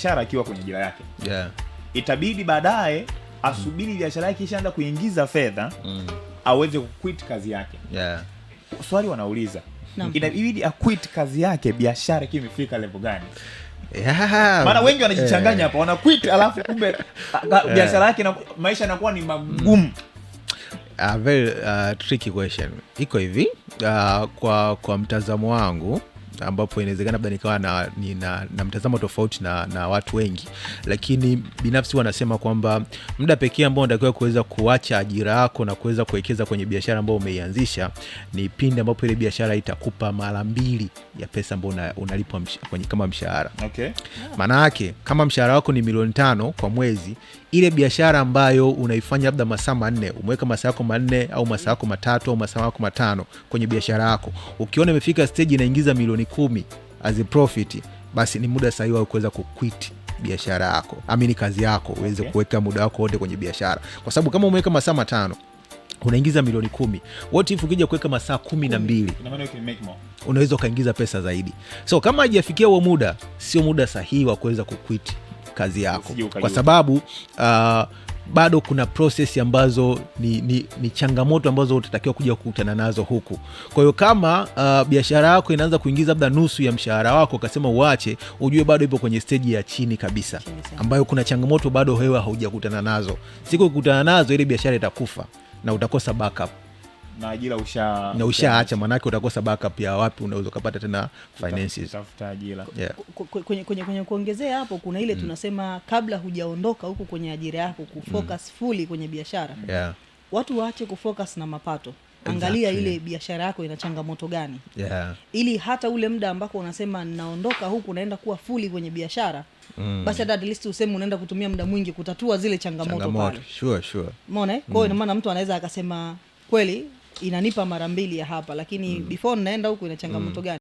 biashara akiwa kwenye jira yake yeah. Itabidi baadaye asubiri mm. biashara yake ishaanza kuingiza fedha mm. aweze kuquit kazi yake yeah. Swali wanauliza Inabidi aquit kazi yake biashara ikiwa imefika levo gani? Yeah. Maana wengi wanajichanganya yeah. Hapa wanaquit alafu kumbe biashara yake na maisha yanakuwa ni magumu mm. very uh, tricky question iko hivi uh, kwa, kwa mtazamo wangu ambapo inawezekana labda nikawa na, ni, na, na mtazamo tofauti na, na watu wengi, lakini binafsi wanasema kwamba muda pekee ambao unatakiwa kuweza kuacha ajira yako na kuweza kuwekeza kwenye biashara ambayo umeianzisha ni pindi ambapo ile biashara itakupa mara mbili ya pesa ambayo una, unalipwa msh, kama mshahara okay. Maana yake kama mshahara wako ni milioni tano kwa mwezi ile biashara ambayo unaifanya labda masaa manne, umeweka masaa yako manne au masaa yako matatu au masaa yako matano kwenye biashara yako, ukiona imefika steji inaingiza milioni kumi as a profit, basi ni muda sahihi wa kuweza kuquit biashara yako, amini kazi yako, uweze okay, kuweka muda wako wote kwenye biashara, kwa sababu kama umeweka masaa matano unaingiza milioni kumi. What if ukija kuweka masaa kumi na mbili unaweza ukaingiza pesa zaidi. So kama haijafikia huo muda, sio muda sahihi wa kuweza kukwiti kazi yako, kwa sababu uh, bado kuna proses ambazo ni, ni, ni changamoto ambazo utatakiwa kuja kukutana nazo huku. Kwa hiyo kama uh, biashara yako inaanza kuingiza labda nusu ya mshahara wako ukasema uache, ujue bado ipo kwenye steji ya chini kabisa, ambayo kuna changamoto bado wewe haujakutana nazo. Siku kukutana nazo, ile biashara itakufa na utakosa backup na ajira usha na ushaacha, maanake utakosa backup ya wapi unaweza ukapata tena finances, tafuta ajira yeah. Kwenye, kwenye, kwenye kuongezea hapo kuna ile mm. tunasema kabla hujaondoka huku kwenye ajira yako kufocus mm. fully kwenye biashara mm. yeah. Watu waache kufocus na mapato Angalia exactly. Ile biashara yako ina changamoto gani? yeah. Ili hata ule muda ambako unasema naondoka huku naenda kuwa fuli kwenye biashara mm. Basi hata atlist least useme unaenda kutumia muda mwingi kutatua zile changamoto, changamoto. Pale sure, sure. Mona eh? kwao mm. inamaana mtu anaweza akasema kweli inanipa mara mbili ya hapa, lakini mm. before naenda huko ina changamoto mm. gani?